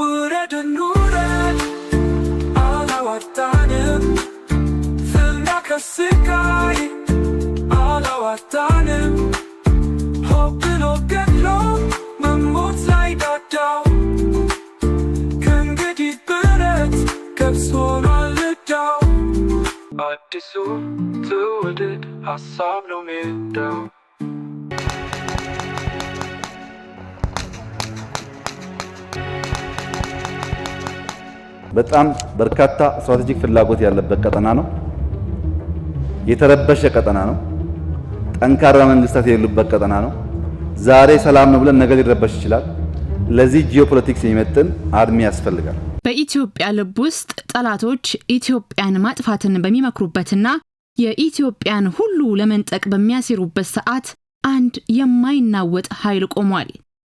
ውረድ እንውረድ አላዋጣንም፣ ፍና ከስቃይ አላዋጣንም። ሆብሎ ገድሎ መሞት ላይ ዳዳው ከእንግዲህ ብረት ገብስ ሆኗል ዕዳው። አዲሱ ትውልድ በጣም በርካታ ስትራቴጂክ ፍላጎት ያለበት ቀጠና ነው። የተረበሸ ቀጠና ነው። ጠንካራ መንግስታት የሌሉበት ቀጠና ነው። ዛሬ ሰላም ነው ብለን ነገ ሊረበሽ ይችላል። ለዚህ ጂኦፖለቲክስ የሚመጥን አርሚ ያስፈልጋል። በኢትዮጵያ ልብ ውስጥ ጠላቶች ኢትዮጵያን ማጥፋትን በሚመክሩበትና የኢትዮጵያን ሁሉ ለመንጠቅ በሚያሴሩበት ሰዓት አንድ የማይናወጥ ኃይል ቆሟል።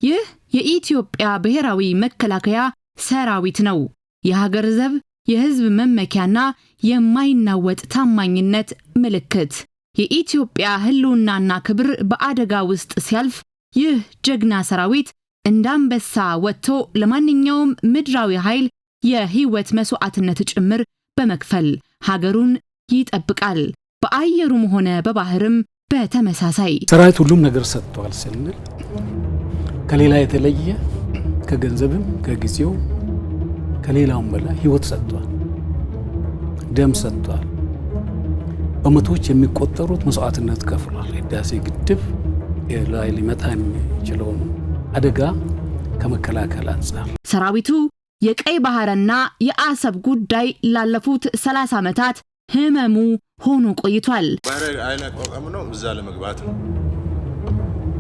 ይህ የኢትዮጵያ ብሔራዊ መከላከያ ሰራዊት ነው። የሀገር ዘብ የህዝብ መመኪያና የማይናወጥ ታማኝነት ምልክት። የኢትዮጵያ ህልውናና ክብር በአደጋ ውስጥ ሲያልፍ ይህ ጀግና ሰራዊት እንደ አንበሳ ወጥቶ ለማንኛውም ምድራዊ ኃይል የህይወት መስዋዕትነት ጭምር በመክፈል ሀገሩን ይጠብቃል። በአየሩም ሆነ በባህርም በተመሳሳይ ሰራዊት ሁሉም ነገር ሰጥቷል ስንል ከሌላ የተለየ ከገንዘብም ከጊዜው ከሌላውም በላይ ህይወት ሰጥቷል፣ ደም ሰጥቷል። በመቶዎች የሚቆጠሩት መስዋዕትነት ከፍሏል። ህዳሴ ግድብ ላይ ሊመጣ የሚችለውን አደጋ ከመከላከል አንጻር ሰራዊቱ የቀይ ባህርና የአሰብ ጉዳይ ላለፉት 30 ዓመታት ህመሙ ሆኖ ቆይቷል። ባህር አይን አቋቋም ነው፣ እዛ ለመግባት ነው።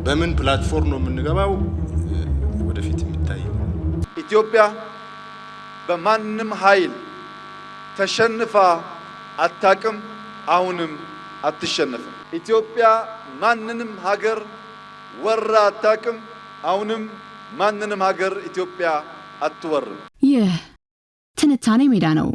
በምን ፕላትፎርም ነው የምንገባው? ወደፊት የሚታይ ኢትዮጵያ በማንም ኃይል ተሸንፋ አታቅም፣ አሁንም አትሸነፍም። ኢትዮጵያ ማንንም ሀገር ወራ አታቅም፣ አሁንም ማንንም ሀገር ኢትዮጵያ አትወርም። ይህ ትንታኔ ሜዳ ነው።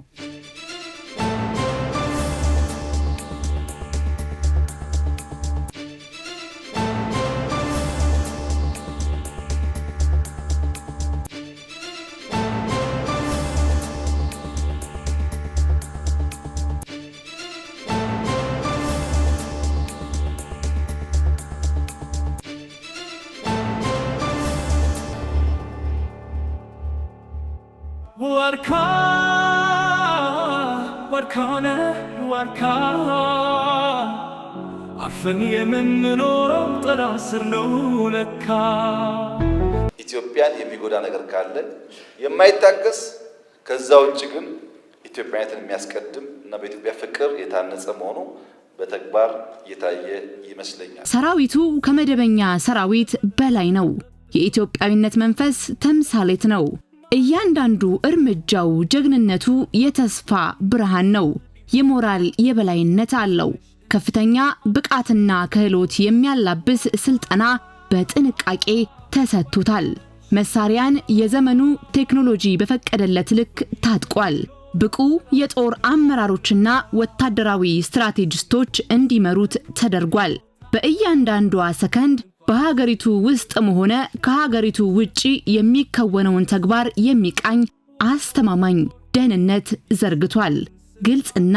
ዋርካነ ዋርካ አርፈን የምንኖረው ጥላ ስር ነው ለካ። ኢትዮጵያን የሚጎዳ ነገር ካለ የማይታገስ ከዛ ውጭ ግን ኢትዮጵያዊነትን የሚያስቀድም እና በኢትዮጵያ ፍቅር የታነጸ መሆኑ በተግባር እየታየ ይመስለኛል። ሰራዊቱ ከመደበኛ ሰራዊት በላይ ነው። የኢትዮጵያዊነት መንፈስ ተምሳሌት ነው። እያንዳንዱ እርምጃው ጀግንነቱ የተስፋ ብርሃን ነው። የሞራል የበላይነት አለው። ከፍተኛ ብቃትና ክህሎት የሚያላብስ ስልጠና በጥንቃቄ ተሰጥቶታል። መሳሪያን የዘመኑ ቴክኖሎጂ በፈቀደለት ልክ ታጥቋል። ብቁ የጦር አመራሮችና ወታደራዊ ስትራቴጂስቶች እንዲመሩት ተደርጓል። በእያንዳንዷ ሰከንድ በሀገሪቱ ውስጥም ሆነ ከሀገሪቱ ውጪ የሚከወነውን ተግባር የሚቃኝ አስተማማኝ ደህንነት ዘርግቷል። ግልጽና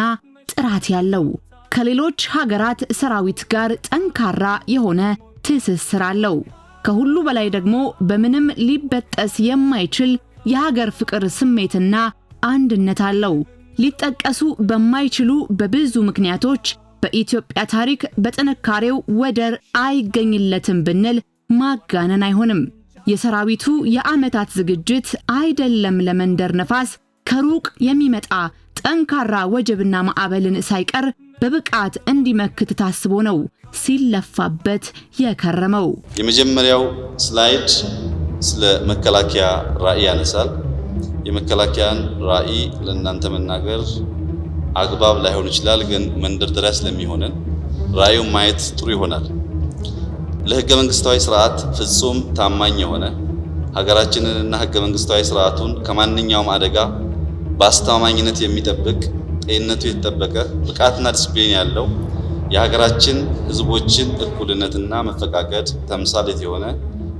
ጥራት ያለው ከሌሎች ሀገራት ሰራዊት ጋር ጠንካራ የሆነ ትስስር አለው። ከሁሉ በላይ ደግሞ በምንም ሊበጠስ የማይችል የሀገር ፍቅር ስሜትና አንድነት አለው። ሊጠቀሱ በማይችሉ በብዙ ምክንያቶች በኢትዮጵያ ታሪክ በጥንካሬው ወደር አይገኝለትም ብንል ማጋነን አይሆንም። የሰራዊቱ የዓመታት ዝግጅት አይደለም ለመንደር ነፋስ ከሩቅ የሚመጣ ጠንካራ ወጀብና ማዕበልን ሳይቀር በብቃት እንዲመክት ታስቦ ነው ሲለፋበት የከረመው። የመጀመሪያው ስላይድ ስለ መከላከያ ራዕይ ያነሳል። የመከላከያን ራዕይ ለእናንተ መናገር አግባብ ላይሆን ይችላል፣ ግን መንደርደሪያ ስለሚሆንን ራዕዩን ማየት ጥሩ ይሆናል። ለህገ መንግስታዊ ስርዓት ፍጹም ታማኝ የሆነ ሀገራችንንና ህገ መንግስታዊ ስርዓቱን ከማንኛውም አደጋ በአስተማማኝነት የሚጠብቅ ጤንነቱ የተጠበቀ ብቃትና ዲስፕሊን ያለው የሀገራችን ህዝቦችን እኩልነትና መፈቃቀድ ተምሳሌት የሆነ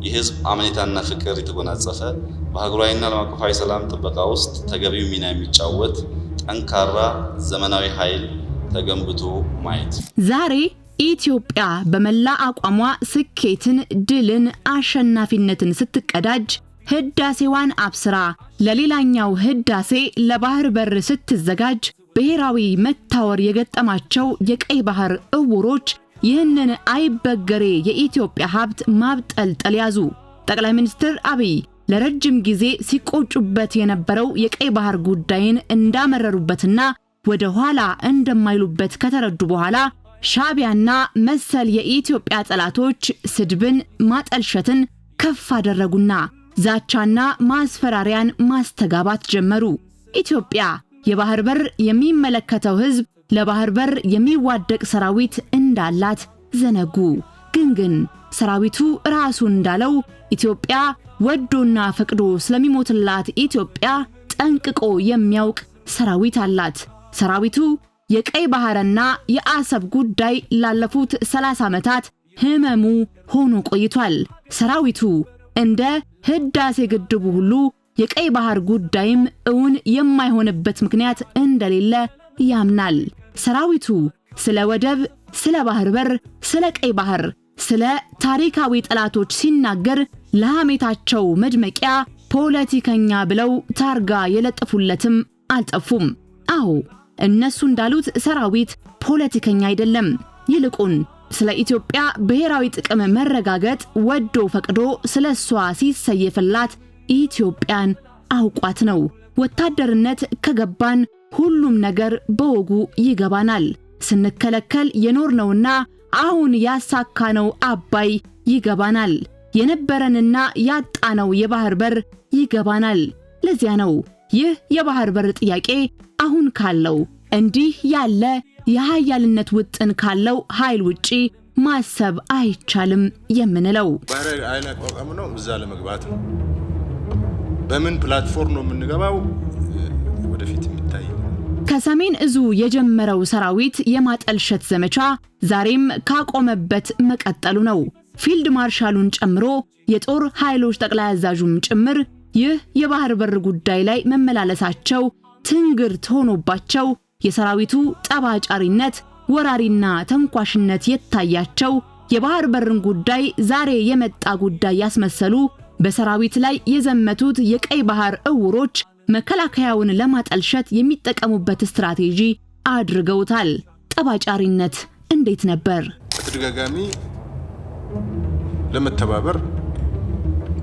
የህዝብ አመኔታና ፍቅር የተጎናጸፈ በሀገራዊና ዓለም አቀፋዊ ሰላም ጥበቃ ውስጥ ተገቢው ሚና የሚጫወት ጠንካራ ዘመናዊ ኃይል ተገንብቶ ማየት ዛሬ ኢትዮጵያ በመላ አቋሟ ስኬትን፣ ድልን፣ አሸናፊነትን ስትቀዳጅ ህዳሴዋን አብስራ ለሌላኛው ህዳሴ ለባህር በር ስትዘጋጅ ብሔራዊ መታወር የገጠማቸው የቀይ ባህር እውሮች ይህንን አይበገሬ የኢትዮጵያ ሀብት ማብጠልጠል ያዙ። ጠቅላይ ሚኒስትር አብይ ለረጅም ጊዜ ሲቆጩበት የነበረው የቀይ ባህር ጉዳይን እንዳመረሩበትና ወደ ኋላ እንደማይሉበት ከተረዱ በኋላ ሻቢያና መሰል የኢትዮጵያ ጠላቶች ስድብን፣ ማጠልሸትን ከፍ አደረጉና ዛቻና ማስፈራሪያን ማስተጋባት ጀመሩ። ኢትዮጵያ የባህር በር የሚመለከተው ሕዝብ ለባህር በር የሚዋደቅ ሰራዊት እንዳላት ዘነጉ። ግን ግን ሰራዊቱ ራሱ እንዳለው ኢትዮጵያ ወዶና ፈቅዶ ስለሚሞትላት ኢትዮጵያ ጠንቅቆ የሚያውቅ ሰራዊት አላት። ሰራዊቱ የቀይ ባህርና የአሰብ ጉዳይ ላለፉት 30 ዓመታት ህመሙ ሆኖ ቆይቷል። ሰራዊቱ እንደ ህዳሴ ግድቡ ሁሉ የቀይ ባህር ጉዳይም እውን የማይሆንበት ምክንያት እንደሌለ ያምናል። ሰራዊቱ ስለ ወደብ፣ ስለ ባህር በር፣ ስለ ቀይ ባህር ስለ ታሪካዊ ጠላቶች ሲናገር ለሐሜታቸው መድመቂያ ፖለቲከኛ ብለው ታርጋ የለጠፉለትም አልጠፉም። አዎ እነሱ እንዳሉት ሰራዊት ፖለቲከኛ አይደለም። ይልቁን ስለ ኢትዮጵያ ብሔራዊ ጥቅም መረጋገጥ ወዶ ፈቅዶ ስለ እሷ ሲሰየፍላት ኢትዮጵያን አውቋት ነው። ወታደርነት ከገባን ሁሉም ነገር በወጉ ይገባናል። ስንከለከል የኖርነውና አሁን ያሳካነው አባይ ይገባናል። የነበረንና ያጣነው የባህር በር ይገባናል። ለዚያ ነው ይህ የባህር በር ጥያቄ አሁን ካለው እንዲህ ያለ የሀያልነት ውጥን ካለው ኃይል ውጪ ማሰብ አይቻልም የምንለው። ባህር ኃይል አቋቋም ነው፣ እዛ ለመግባት ነው። በምን ፕላትፎርም ነው የምንገባው ወደፊት ከሰሜን እዙ የጀመረው ሰራዊት የማጠልሸት ዘመቻ ዛሬም ካቆመበት መቀጠሉ ነው። ፊልድ ማርሻሉን ጨምሮ የጦር ኃይሎች ጠቅላይ አዛዡም ጭምር ይህ የባህር በር ጉዳይ ላይ መመላለሳቸው ትንግርት ሆኖባቸው የሰራዊቱ ጠባጫሪነት፣ ወራሪና ተንኳሽነት የታያቸው የባህር በርን ጉዳይ ዛሬ የመጣ ጉዳይ ያስመሰሉ በሰራዊት ላይ የዘመቱት የቀይ ባህር እውሮች መከላከያውን ለማጠልሸት የሚጠቀሙበት ስትራቴጂ አድርገውታል። ጠባጫሪነት እንዴት ነበር? በተደጋጋሚ ለመተባበር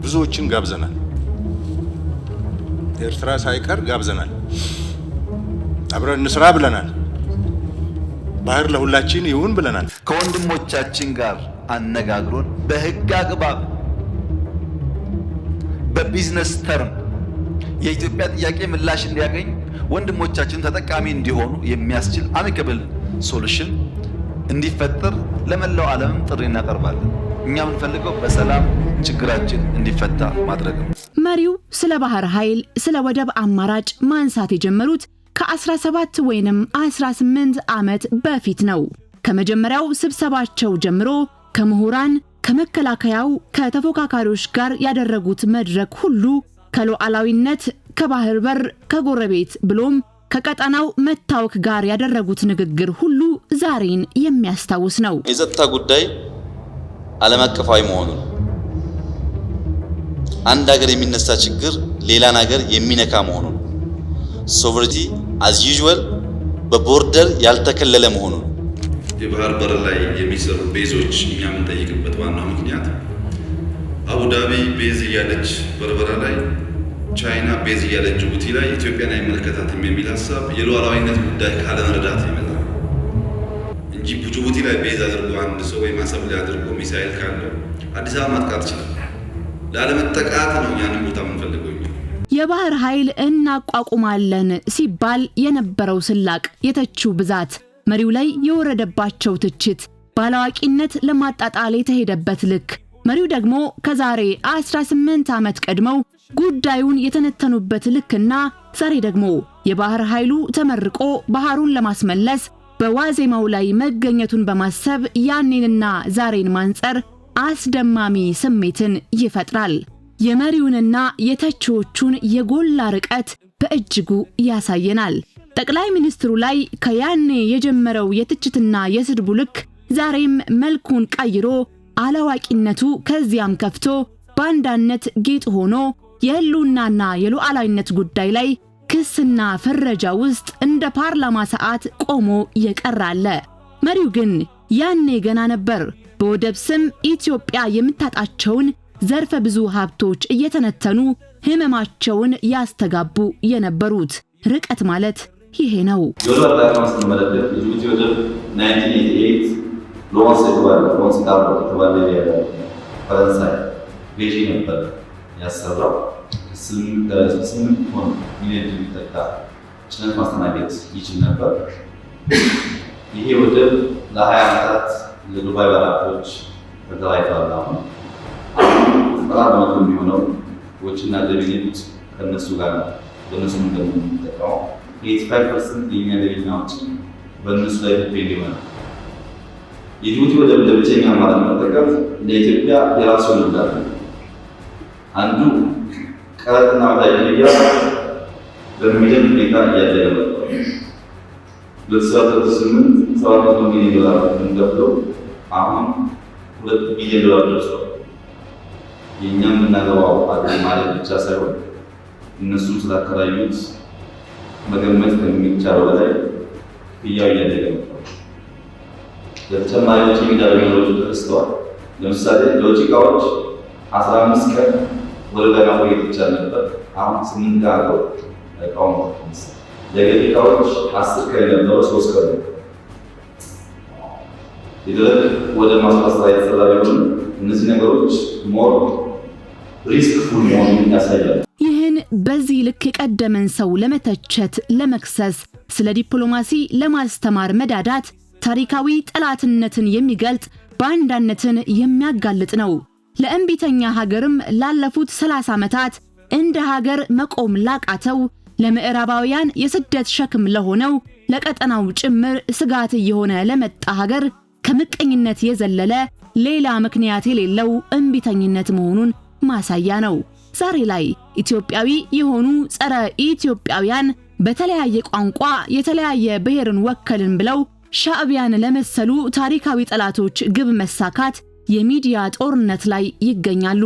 ብዙዎችን ጋብዘናል። ኤርትራ ሳይቀር ጋብዘናል። አብረን እንስራ ብለናል። ባህር ለሁላችን ይሁን ብለናል። ከወንድሞቻችን ጋር አነጋግሮን በህግ አግባብ በቢዝነስ ተርም የኢትዮጵያ ጥያቄ ምላሽ እንዲያገኝ ወንድሞቻችን ተጠቃሚ እንዲሆኑ የሚያስችል አሚከብል ሶሉሽን እንዲፈጠር ለመላው ዓለም ጥሪ እናቀርባለን። እኛ የምንፈልገው በሰላም ችግራችን እንዲፈታ ማድረግ ነው። መሪው ስለ ባህር ኃይል፣ ስለ ወደብ አማራጭ ማንሳት የጀመሩት ከ17 ወይንም 18 ዓመት በፊት ነው። ከመጀመሪያው ስብሰባቸው ጀምሮ ከምሁራን ከመከላከያው ከተፎካካሪዎች ጋር ያደረጉት መድረክ ሁሉ ከሉዓላዊነት፣ ከባህር በር፣ ከጎረቤት ብሎም ከቀጠናው መታወክ ጋር ያደረጉት ንግግር ሁሉ ዛሬን የሚያስታውስ ነው። የጸጥታ ጉዳይ ዓለም አቀፋዊ መሆኑን አንድ ሀገር የሚነሳ ችግር ሌላን ሀገር የሚነካ መሆኑን ሶቨሬቲ አዝ ዩዥዋል በቦርደር ያልተከለለ መሆኑን የባህር በር ላይ የሚሰሩ ቤዞች እኛ የምንጠይቅበት ዋናው ምክንያት አቡዳቢ ቤዝ እያለች በርበራ ላይ ቻይና ቤዝ እያለች ጅቡቲ ላይ ኢትዮጵያን አይመለከታትም የሚል ሀሳብ የሉዓላዊነት ጉዳይ ካለመረዳት ይመጣል እንጂ ጅቡቲ ላይ ቤዝ አድርጎ አንድ ሰው ወይም አሰብ ላይ አድርጎ ሚሳኤል ካለው አዲስ አበባ ማጥቃት ይችላል። ላለመጠቃት ነው ያንን ቦታ የምንፈልገው። የባህር ኃይል እናቋቁማለን ሲባል የነበረው ስላቅ፣ የተቹ ብዛት፣ መሪው ላይ የወረደባቸው ትችት፣ ባለዋቂነት ለማጣጣል የተሄደበት ልክ መሪው ደግሞ ከዛሬ 18 ዓመት ቀድመው ጉዳዩን የተነተኑበት ልክና ዛሬ ደግሞ የባህር ኃይሉ ተመርቆ ባህሩን ለማስመለስ በዋዜማው ላይ መገኘቱን በማሰብ ያኔንና ዛሬን ማንጸር አስደማሚ ስሜትን ይፈጥራል። የመሪውንና የተቺዎቹን የጎላ ርቀት በእጅጉ ያሳየናል። ጠቅላይ ሚኒስትሩ ላይ ከያኔ የጀመረው የትችትና የስድቡ ልክ ዛሬም መልኩን ቀይሮ አላዋቂነቱ ከዚያም ከፍቶ ባንዳነት ጌጥ ሆኖ የህልውናና የሉዓላዊነት ጉዳይ ላይ ክስና ፍረጃ ውስጥ እንደ ፓርላማ ሰዓት ቆሞ የቀራለ። መሪው ግን ያኔ ገና ነበር። በወደብ ስም ኢትዮጵያ የምታጣቸውን ዘርፈ ብዙ ሀብቶች እየተነተኑ ህመማቸውን ያስተጋቡ የነበሩት። ርቀት ማለት ይሄ ነው። ሎንስ የተባለ ሎንስ ዳር የተባለ የፈረንሳይ ቤጂ ነበር ያሰራው ስምንት ሆን ሚሊዮን የሚጠጋ ጭነት ማስተናገድ ይችል ነበር። ይሄ ወደብ ለሀያ ዓመታት ለዱባይ ባለሀብቶች ተከራይቷል። አሁን ዘጠና በመቶ የሚሆነው ወጪና ገቢ ንግድ ከእነሱ ጋር ነው። በእነሱ እንደምንጠቀመው ኤቲ ፋይቭ ፐርሰንት የኛ ገቢና ወጪ በእነሱ ላይ ተፔንድ ይሆናል። የጅቡቲ ወደብ ለብቸኛ አማራጭ መጠቀም ለኢትዮጵያ የራሱ ልዳት አንዱ ቀረጥና ወታዊ ክፍያ በሚደንቅ ሁኔታ እያደገ መጥቷል። ሁለት ስምንት ሰባት መቶ ሚሊዮን ዶላር እንገብተው አሁን ሁለት ሚሊዮን ዶላር ደርሷል። የእኛ የምናገባው አቅም ማለት ብቻ ሳይሆን እነሱም ስላከራዩት መገመት ከሚቻለው በላይ እያው እያደገ መጥቷል። ለተጨማሪ ወጪ የሚዳረጉ ተከስተዋል። ለምሳሌ ለውጭ እቃዎች 15 ቀን ወለዳ ማቆየት ይቻል ነበር። አሁን ስምንት ቀን አለው ለገቢ እቃዎች 10 ቀን ነበረ 3 ቀን ይደረግ ወደ ማስፋት ስራ የተሰራ እነዚህ ነገሮች ሞር ሪስክ ፉል መሆኑ ያሳያል። ይህን በዚህ ልክ የቀደመን ሰው ለመተቸት፣ ለመክሰስ፣ ስለ ዲፕሎማሲ ለማስተማር መዳዳት ታሪካዊ ጠላትነትን የሚገልጥ ባንዳነትን የሚያጋልጥ ነው። ለእምቢተኛ ሀገርም ላለፉት 30 ዓመታት እንደ ሀገር መቆም ላቃተው ለምዕራባውያን የስደት ሸክም ለሆነው ለቀጠናው ጭምር ስጋት እየሆነ ለመጣ ሀገር ከምቀኝነት የዘለለ ሌላ ምክንያት የሌለው እምቢተኝነት መሆኑን ማሳያ ነው። ዛሬ ላይ ኢትዮጵያዊ የሆኑ ጸረ ኢትዮጵያውያን በተለያየ ቋንቋ የተለያየ ብሔርን ወከልን ብለው ሻዕቢያን ለመሰሉ ታሪካዊ ጠላቶች ግብ መሳካት የሚዲያ ጦርነት ላይ ይገኛሉ።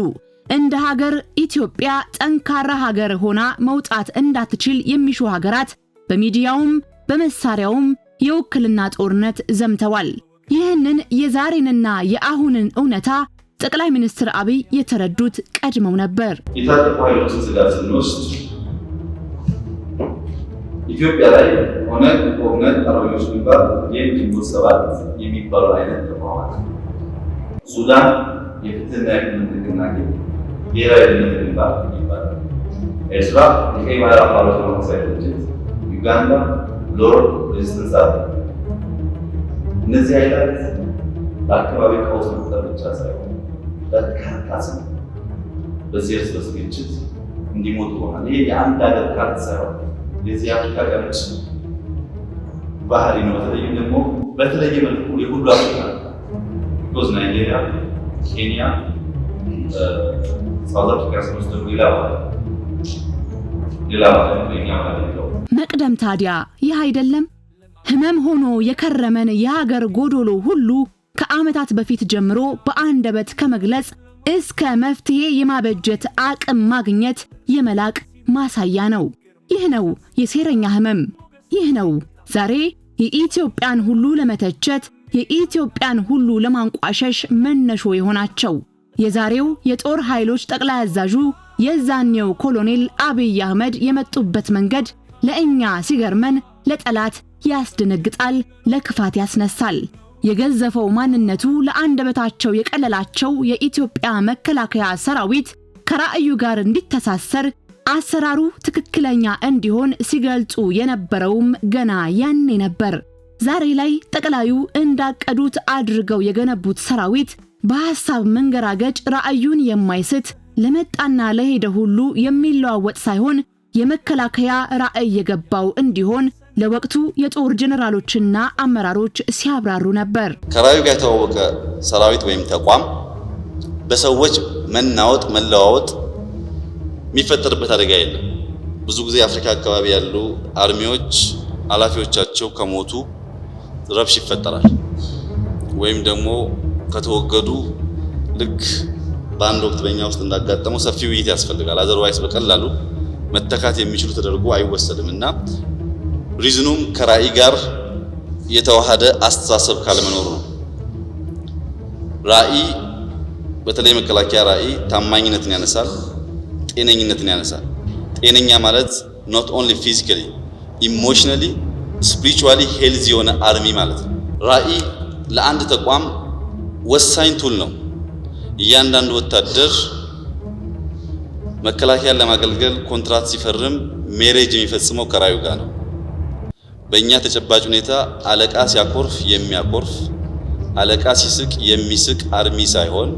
እንደ ሀገር ኢትዮጵያ ጠንካራ ሀገር ሆና መውጣት እንዳትችል የሚሹ ሀገራት በሚዲያውም በመሳሪያውም የውክልና ጦርነት ዘምተዋል። ይህንን የዛሬንና የአሁንን እውነታ ጠቅላይ ሚኒስትር አብይ የተረዱት ቀድመው ነበር። የታጠቁ ኃይሎችን ስጋት ስንወስድ ኢትዮጵያ ላይ ሆነ ጦርነት ጠራቢዎች ግንባር ይህ ግንቦት ሰባት የሚባለው አይነት ተቋማት፣ ሱዳን የፍትህና የቅንነት ንቅናቄ ብሔራዊ የቅንነት ግንባር ይባላል። ኤርትራ የቀይ ባህር አፋሮች ለመሳይ ድርጅት፣ ዩጋንዳ ሎር ሬዚስተንስ አለ። እነዚህ ኃይላት ለአካባቢ ቀውስ መፍጠር ብቻ ሳይሆን በርካታ ሰው በዚህ እርስ በርስ ግጭት እንዲሞቱ ሆናል። ይህ የአንድ ሀገር ካርት ሳይሆን የዚህ አፍሪካ ቀንስ ባህሪ ነው። በተለይም ደግሞ በተለየ መልኩ የሁሉ አፍሪካ ቢኮዝ ናይጄሪያ፣ ኬንያ፣ ሳውዝ አፍሪካ ስንወስድ ደግሞ ሌላ ባህል ሌላ ባህል ኛ ባህል ለው መቅደም ታዲያ ይህ አይደለም ህመም ሆኖ የከረመን የሀገር ጎዶሎ ሁሉ ከዓመታት በፊት ጀምሮ በአንደበት ከመግለጽ እስከ መፍትሄ የማበጀት አቅም ማግኘት የመላቅ ማሳያ ነው። ይህ ነው የሴረኛ ህመም። ይህ ነው ዛሬ የኢትዮጵያን ሁሉ ለመተቸት የኢትዮጵያን ሁሉ ለማንቋሸሽ መነሾ የሆናቸው የዛሬው የጦር ኃይሎች ጠቅላይ አዛዡ የዛኔው ኮሎኔል አብይ አህመድ የመጡበት መንገድ ለእኛ ሲገርመን ለጠላት ያስደነግጣል፣ ለክፋት ያስነሳል። የገዘፈው ማንነቱ ለአንደበታቸው የቀለላቸው የኢትዮጵያ መከላከያ ሰራዊት ከራዕዩ ጋር እንዲተሳሰር አሰራሩ ትክክለኛ እንዲሆን ሲገልጹ የነበረውም ገና ያኔ ነበር። ዛሬ ላይ ጠቅላዩ እንዳቀዱት አድርገው የገነቡት ሰራዊት በሐሳብ መንገራገጭ ራዕዩን የማይስት ለመጣና ለሄደ ሁሉ የሚለዋወጥ ሳይሆን የመከላከያ ራዕይ የገባው እንዲሆን ለወቅቱ የጦር ጀነራሎችና አመራሮች ሲያብራሩ ነበር። ከራዕዩ ጋር የተዋወቀ ሰራዊት ወይም ተቋም በሰዎች መናወጥ መለዋወጥ የሚፈጠርበት አደጋ የለም። ብዙ ጊዜ አፍሪካ አካባቢ ያሉ አርሚዎች ኃላፊዎቻቸው ከሞቱ ረብሽ ይፈጠራል ወይም ደግሞ ከተወገዱ ልክ በአንድ ወቅት በኛ ውስጥ እንዳጋጠመው ሰፊ ውይይት ያስፈልጋል። አዘርዋይስ በቀላሉ መተካት የሚችሉ ተደርጎ አይወሰድም እና ሪዝኑም ከራዕይ ጋር የተዋሃደ አስተሳሰብ ካለመኖሩ ነው። ራዕይ በተለይ መከላከያ ራዕይ ታማኝነትን ያነሳል። ጤነኝነትን ያነሳል። ጤነኛ ማለት ኖት ኦንሊ ፊዚካሊ ኢሞሽናሊ ስፒሪቹዋሊ ሄልዝ የሆነ አርሚ ማለት ነው። ራዕይ ለአንድ ተቋም ወሳኝ ቱል ነው። እያንዳንዱ ወታደር መከላከያን ለማገልገል ኮንትራት ሲፈርም ሜሬጅ የሚፈጽመው ከራዩ ጋር ነው። በእኛ ተጨባጭ ሁኔታ አለቃ ሲያኮርፍ የሚያኮርፍ አለቃ ሲስቅ የሚስቅ አርሚ ሳይሆን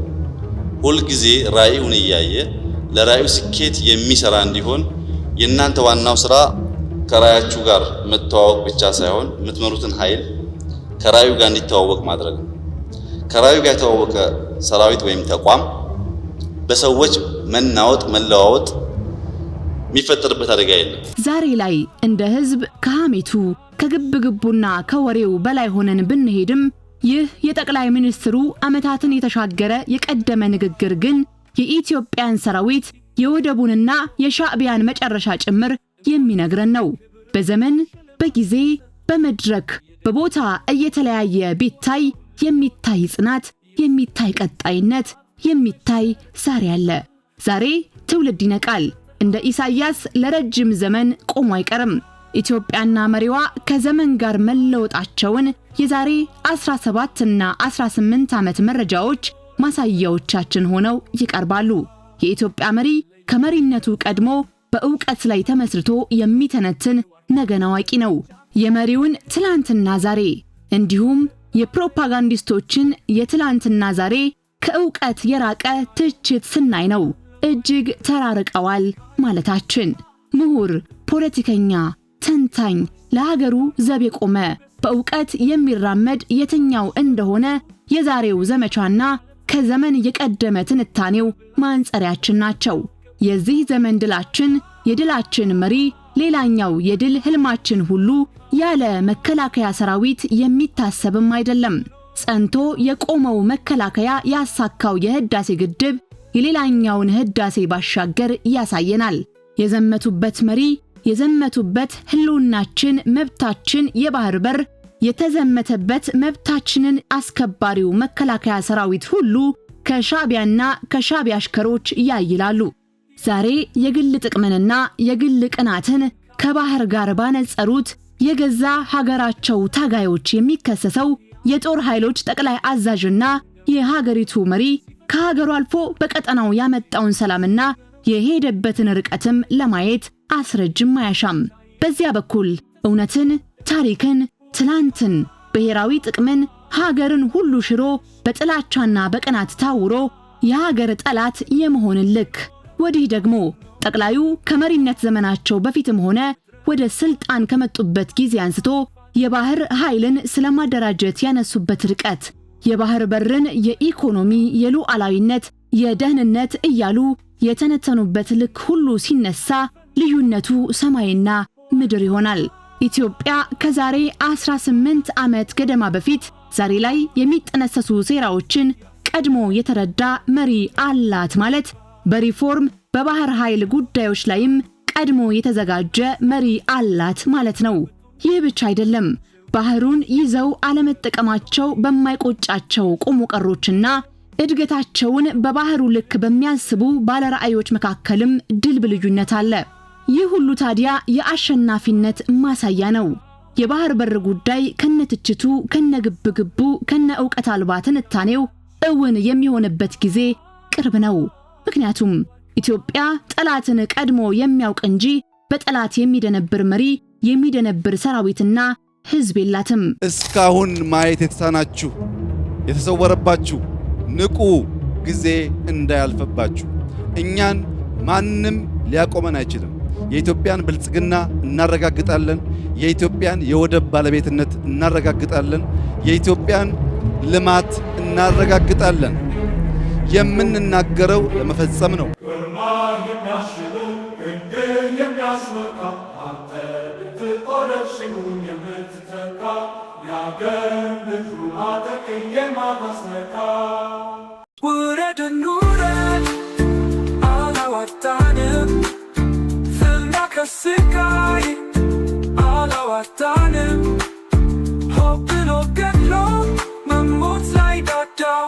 ሁልጊዜ ራዕዩን እያየ ለራዩ ስኬት የሚሰራ እንዲሆን የእናንተ ዋናው ስራ ከራያችሁ ጋር መተዋወቅ ብቻ ሳይሆን የምትመሩትን ኃይል ከራዩ ጋር እንዲተዋወቅ ማድረግ ነው። ከራዩ ጋር የተዋወቀ ሰራዊት ወይም ተቋም በሰዎች መናወጥ መለዋወጥ የሚፈጠርበት አደጋ የለም። ዛሬ ላይ እንደ ህዝብ ከሀሜቱ ከግብግቡና ከወሬው በላይ ሆነን ብንሄድም ይህ የጠቅላይ ሚኒስትሩ ዓመታትን የተሻገረ የቀደመ ንግግር ግን የኢትዮጵያን ሰራዊት የወደቡንና የሻዕቢያን መጨረሻ ጭምር የሚነግረን ነው። በዘመን በጊዜ በመድረክ በቦታ እየተለያየ ቢታይ የሚታይ ጽናት፣ የሚታይ ቀጣይነት፣ የሚታይ ዛሬ አለ። ዛሬ ትውልድ ይነቃል። እንደ ኢሳይያስ ለረጅም ዘመን ቆሞ አይቀርም። ኢትዮጵያና መሪዋ ከዘመን ጋር መለወጣቸውን የዛሬ 17 እና 18 ዓመት መረጃዎች ማሳያዎቻችን ሆነው ይቀርባሉ። የኢትዮጵያ መሪ ከመሪነቱ ቀድሞ በእውቀት ላይ ተመስርቶ የሚተነትን ነገን አዋቂ ነው። የመሪውን ትላንትና ዛሬ እንዲሁም የፕሮፓጋንዲስቶችን የትላንትና ዛሬ ከእውቀት የራቀ ትችት ስናይ ነው እጅግ ተራርቀዋል ማለታችን። ምሁር፣ ፖለቲከኛ፣ ተንታኝ ለሀገሩ ዘብ የቆመ በእውቀት የሚራመድ የትኛው እንደሆነ የዛሬው ዘመቻና ከዘመን የቀደመ ትንታኔው ማንጸሪያችን ናቸው። የዚህ ዘመን ድላችን፣ የድላችን መሪ፣ ሌላኛው የድል ህልማችን ሁሉ ያለ መከላከያ ሰራዊት የሚታሰብም አይደለም። ጸንቶ የቆመው መከላከያ ያሳካው የህዳሴ ግድብ የሌላኛውን ህዳሴ ባሻገር ያሳየናል። የዘመቱበት መሪ፣ የዘመቱበት ህልውናችን፣ መብታችን፣ የባህር በር የተዘመተበት መብታችንን አስከባሪው መከላከያ ሰራዊት ሁሉ ከሻቢያና ከሻቢያ አሽከሮች ያይላሉ። ዛሬ የግል ጥቅምንና የግል ቅናትን ከባህር ጋር ባነጸሩት የገዛ ሀገራቸው ታጋዮች የሚከሰሰው የጦር ኃይሎች ጠቅላይ አዛዥና የሀገሪቱ መሪ ከሀገሩ አልፎ በቀጠናው ያመጣውን ሰላምና የሄደበትን ርቀትም ለማየት አስረጅም አያሻም። በዚያ በኩል እውነትን፣ ታሪክን ትላንትን፣ ብሔራዊ ጥቅምን፣ ሀገርን ሁሉ ሽሮ በጥላቻና በቅናት ታውሮ የሀገር ጠላት የመሆንን ልክ ወዲህ ደግሞ ጠቅላዩ ከመሪነት ዘመናቸው በፊትም ሆነ ወደ ስልጣን ከመጡበት ጊዜ አንስቶ የባህር ኃይልን ስለማደራጀት ያነሱበት ርቀት የባህር በርን የኢኮኖሚ፣ የሉዓላዊነት፣ የደህንነት እያሉ የተነተኑበት ልክ ሁሉ ሲነሳ ልዩነቱ ሰማይና ምድር ይሆናል። ኢትዮጵያ ከዛሬ 18 ዓመት ገደማ በፊት ዛሬ ላይ የሚጠነሰሱ ሴራዎችን ቀድሞ የተረዳ መሪ አላት ማለት በሪፎርም በባህር ኃይል ጉዳዮች ላይም ቀድሞ የተዘጋጀ መሪ አላት ማለት ነው። ይህ ብቻ አይደለም። ባህሩን ይዘው አለመጠቀማቸው በማይቆጫቸው ቁሙ ቀሮችና እድገታቸውን በባህሩ ልክ በሚያስቡ ባለራዕዮች መካከልም ድልብ ልዩነት አለ። ይህ ሁሉ ታዲያ የአሸናፊነት ማሳያ ነው። የባህር በር ጉዳይ ከነትችቱ፣ ከነግብግቡ፣ ከነ እውቀት አልባ ትንታኔው እውን የሚሆንበት ጊዜ ቅርብ ነው። ምክንያቱም ኢትዮጵያ ጠላትን ቀድሞ የሚያውቅ እንጂ በጠላት የሚደነብር መሪ፣ የሚደነብር ሰራዊትና ህዝብ የላትም። እስካሁን ማየት የተሳናችሁ የተሰወረባችሁ ንቁ፣ ጊዜ እንዳያልፈባችሁ። እኛን ማንም ሊያቆመን አይችልም። የኢትዮጵያን ብልጽግና እናረጋግጣለን። የኢትዮጵያን የወደብ ባለቤትነት እናረጋግጣለን። የኢትዮጵያን ልማት እናረጋግጣለን። የምንናገረው ለመፈጸም ነው። ውረድኑ ከስቃይ አላዋጣንም ሆብሎ ገድሎ መሞት ላይ ዳዳው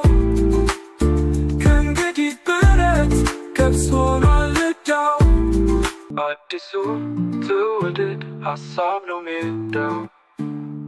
ከእንግዲህ ብረት ከብስ ሆኗል አዲሱ ትውልድ ሀሳብ ነው ሜዳው